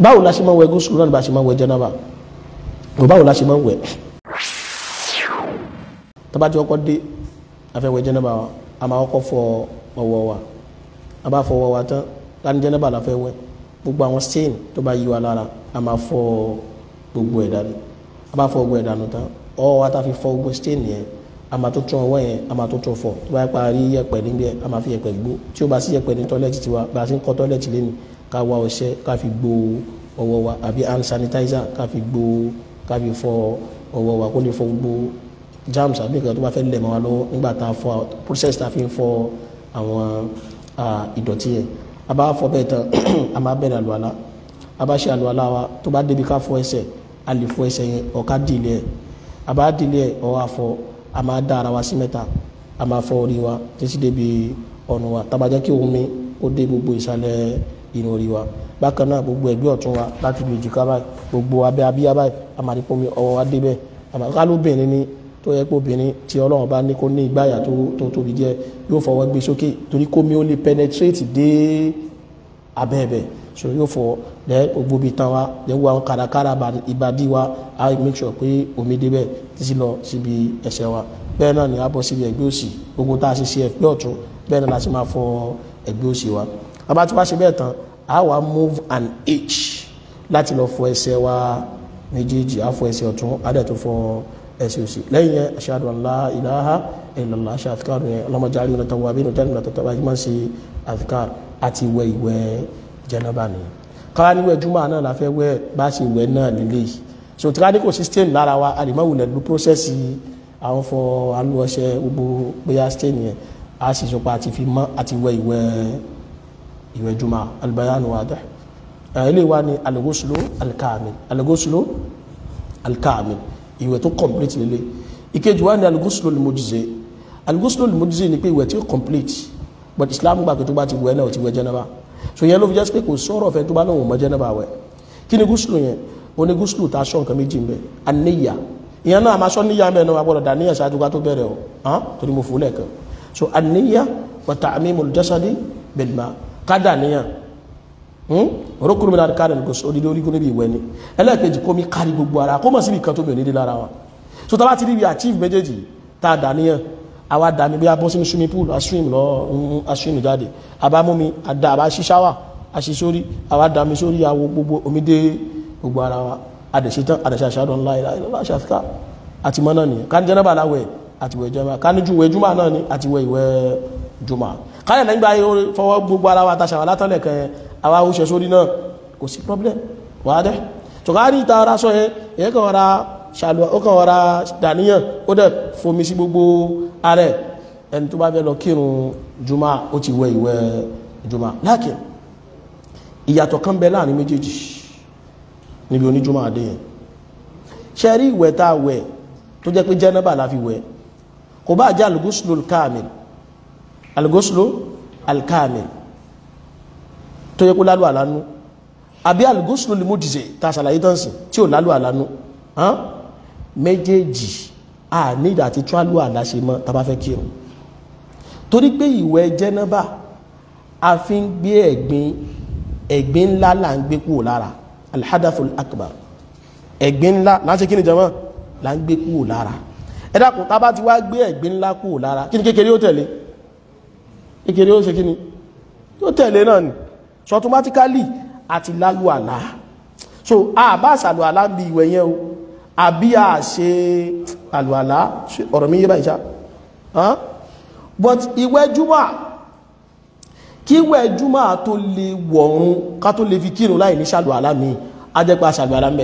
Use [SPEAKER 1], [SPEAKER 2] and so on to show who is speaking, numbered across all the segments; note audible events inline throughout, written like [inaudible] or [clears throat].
[SPEAKER 1] báwo la ṣe máa ń wẹ gúúsù náà bá ṣe máa ń wẹ jẹnaba kò báwo la ṣe máa ń wẹ tábà tí ọkọ dé afẹwẹ jẹnaba a máa kọ́kọ́ fọ ọwọ́ wa a bá fọ ọwọ́ wa tán láti jẹnaba la fẹ́ wẹ gbogbo àwọn stain tó bá yí wa lára a máa fọ gbogbo ẹ̀ dànù a bá fọ gbogbo ẹ̀ dànù tán ọwọ́ wa ta fi fọ gbogbo stain yẹn a máa tó tún ọwọ́ yẹn a máa tó tún fọ tó bá parí yẹ̀pẹ̀ níbi yẹn a máa fi yẹ̀pẹ̀ gbó tí ó bá sí yẹ̀pẹ̀ ní tọ́lẹ̀tì tiwa bá a ti ń kọ́ tọ́lẹ̀tì lẹ́nu ká wá ọṣẹ ká fi gbó ọwọ́ wa àbí hand sanitizer ká fi gbó ká fi fọ ọwọ́ wa kó lè fọ gbó germs àbí nǹkan tó bá fẹ́ lẹ̀ mọ́ wa lọ́wọ́ nígbà tá a fọ process tá a fi ń fọ àwọn ìdọ̀tí yẹn a bá fọ bẹ́ẹ̀ tán [clears throat] a máa bẹ̀rẹ̀ àlùwàlá a bá ṣe àlùwàlá wa tó bá débi ká fọ ẹsẹ̀ a lè fọ ẹsẹ̀ yẹn ọ̀ká dìlẹ̀ a bá dìlẹ̀ ọ̀ wá fọ a máa dá ara wa sí mẹ́ta a máa fọ orí wa títí débi ọ̀nà wa tá bá jẹ́ kí ó dé gbogbo ìsàlẹ̀ inú orí wa bákan náà gbogbo ẹgbẹ́ ọ̀tún wa láti ibi èjìká báyìí gbogbo abẹ́ abíyá báyìí amadipomi ọwọ́ wa débẹ̀ àmàkálóbìnrin ni tó yẹ pé obìnrin tí ọlọ́run bá ní kó ní ìgbáyà tó tóbi jẹ́ yóò fọwọ́ gbé sókè torí kómi ó lè penetrate dé abẹ́ẹ̀bẹ̀ so yóò fọ lẹ gbogbo ibi tán wa lẹ wo àwọn kàràkàrà ìbàdí wa á make sure pé omi débẹ̀ títí lọ síbi ẹsẹ̀ wa bẹ́ẹ̀ náà ni a bọ́ síbi ẹgbẹ́ òsì gbogbo tá a ṣe ṣe ẹgbẹ́ ọ̀tún bẹ́ẹ̀ náà la ṣe máa fọ ẹgbẹ́ òsì wa bàbá tí wàá ṣe bẹ́ẹ̀ tán a wà move an h láti lọ fọ ẹsẹ̀ wa méjèèjì a fọ ẹsẹ̀ ọ̀tún a dẹ̀ tó fọ ẹsẹ̀ òsì lẹ́yìn yẹn ashhadu an la ilaha illallah ṣe àfikàrù yẹn ọlọ́mọdé àríwá náà tọ́wọ́ abínú tẹ́lẹ̀ náà tọ́tọ́ báyìí máa ń ṣe àfikàrù àti wẹ ìwẹ̀ jẹnaba ni káwá níwẹ̀ júmọ̀ náà la fẹ́ wẹ̀ bá ṣe wẹ̀ náà nílé yìí so tí ká lára wa àdìmọ́wùlẹ̀ ló prọ́sẹ̀sì àwọn fọ alú ọṣẹ gbogbo bóyá stain yẹn a sì sọpọ̀ àti fi mọ́ àti wẹ ìwẹ̀ ìwẹ̀ juma albayanu wadih ilé wa ni alagoslo alkaamil alagoslo alkaamil ìwẹ̀ tó complete lélẹ̀ ìkejì wa ni alagoslo limojize alagoslo limojize ni pé ìwẹ̀ tí ó complete but islam gbà pé tó bá ti wẹ̀ náà ti wẹ̀ jẹ́nàbà so yẹn ló fi jẹ́ pé kò sọ̀rọ̀ fẹ́ tó bá lóun mọ́ jẹ́nàbà wẹ̀ kí ni gúúsùlù yẹn ó ní gúúsùlù tá a sọ nǹkan méjì ń bẹ àníyà ìyẹn náà a máa sọ níyà ń náà wà gbọ́dọ̀ dàníyà ṣáájú ká tó bẹ̀rẹ̀ o torí mo fò lẹ́ẹ̀kan so àníyà wa ta'mimul jasadi bil ma' kádà níyàn hmm? orókùnrin mìíràn kárẹ̀ ní gòsò odidi orígun níbi ìwẹ̀ ni ẹlẹ́ẹ̀kejì kó mi kárí gbogbo ara kó mọ̀ síbi kan tó mi ò ní dé lára wa so tá a bá ti ríbi achieve méjèèjì tá a dà níyàn àwa dà mí bí bọ́ sínú swimming pool aswim lọ mm, aswim jáde àbámú mi àdá àbá ṣí ṣáwà àṣì sórí àwa dà mí sórí àwo gbogbo omi dé gbogbo ara wa àdẹ̀ṣe tán àdẹ̀ṣe àṣàdọ̀ ńlá ìlà ṣàfikà àti mọ́ náà nìyẹn ká ní jùmọ̀ káyọ̀ nígbà fọwọ́ gbogbo ara wa tàṣà wà látọ̀lẹ̀ kẹ àwa oṣù sórí náà kò sí problem wà á dẹ́ tọ̀ká rí ìta ọ̀rá sọ ẹ èyí kan ọ̀rá ṣàlùwà ó kan ọ̀rá dàníyàn ó dẹ̀ fomi sí gbogbo ààrẹ ẹni tó bá fẹ́ lọ kírun juma ó ti wẹ ìwẹ̀ jùmọ̀ lákìn ìyàtọ̀ kan bẹ láàrin méjèèjì níbi oníjùmọ̀ àdé yẹn ṣe ìwẹ̀ tá a wẹ̀ tó jẹ́ pé jẹ́nẹ́bà la fi wẹ̀ kò bá jẹ́ àlùgúsùlù káàmìlì algoslo alkamil tó yẹ kó lálù àlánú àbí algoslo lè mójìṣẹ́ ta sàlàyé tánṣì tí ò lálù àlánú méjèèjì a nídà àti tíwálù àláṣe mọ́ tàbá fẹ́ kírun torí pé ìwẹ̀ jẹ́nàbà a fi ń gbé ẹ̀gbin ẹ̀gbin ńlá là ń gbé kúrò lára alhadathul akbar ẹ̀gbin ńlá láti kí ni jama là ń gbé kúrò lára ẹ dákun tá bá ti wá gbé ẹ̀gbin ńlá kúrò lára kí ni kékeré ó tẹ̀lé ìkèrè ó ṣe kí ni yóò tẹ̀lé náà ni so automatically àti lálù àlá so a bá sàlù àlá bí ìwẹ̀ yẹn o àbí a ṣe àlù àlá ọ̀rọ̀ mi yé bá ìṣá but ìwẹ̀ júmọ̀ kí ìwẹ̀ júmọ̀ tó lè wọ̀run ká tó lè fi kírun láì ní sàlù àlá mi a jẹ́ pa sàlù àlá ń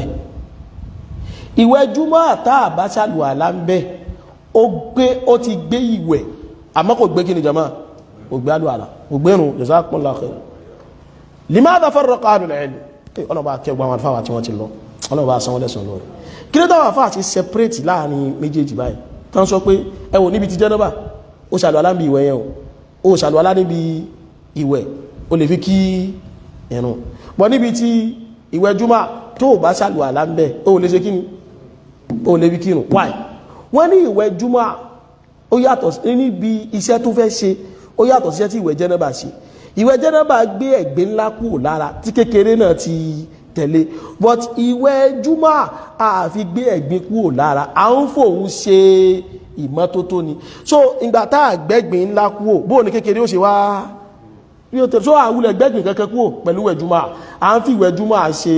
[SPEAKER 1] ìwẹ̀ júmọ̀ tá a bá sàlù àlá ń ó gbé ó ti gbé ìwẹ̀ àmọ́ kò gbé kí ni jàmáà mo gbé àlù àlà mo gbé irun jazakumullahu khair limadha farraqa ahlul ilm ọlọ́ba akẹ́gbọ́ àwọn àlùfáà tí wọ́n ti lọ ọlọ́ba sanwó lẹ́sàn lórí kí ló dáwọn àfáà ti separate láàrin méjèèjì báyìí tán sọ pé ẹ wò níbi ti jẹ́nàbà ó ṣàlù alá níbi ìwẹ̀ yẹn o ó ẹ̀rùn ìwẹ̀ júmọ́ tó bá ṣàlù alá o lè ṣe kí o lè fi kírun why wọ́n ní ìwẹ̀ júmọ́ ó yàtọ̀ níbi iṣẹ́ tó fẹ́ ṣe ó yàtọ̀ síṣẹ́ tí ìwẹ̀ jẹ́nẹ́bà ṣe ìwẹ̀ jẹ́nẹ́bà gbé ẹ̀gbẹ́ ńlá kúrò lára tí kékeré náà ti tẹ̀lé but ìwẹ̀ júmọ́ àfi gbé ẹ̀gbin kúrò lára à ń fòun ṣe ìmọ́tótó ni so ìgbà tá a gbẹ́gbin ńlá kúrò bóò ní kékeré ó ṣe wá bí ó tẹ̀ so àwùlẹ̀ gbẹ́gbin kankan kúrò pẹ̀lú ìwẹ̀ júmọ́ à ń fi ìwẹ̀ júmọ́ ṣe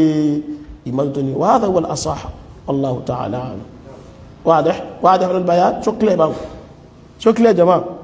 [SPEAKER 1] ìmọ́tótó ni wàá fẹ́ wọlé Allahu ta'ala wàá dẹ́ wàá dẹ́ fẹ́ lọ́dún báyà ṣókílẹ̀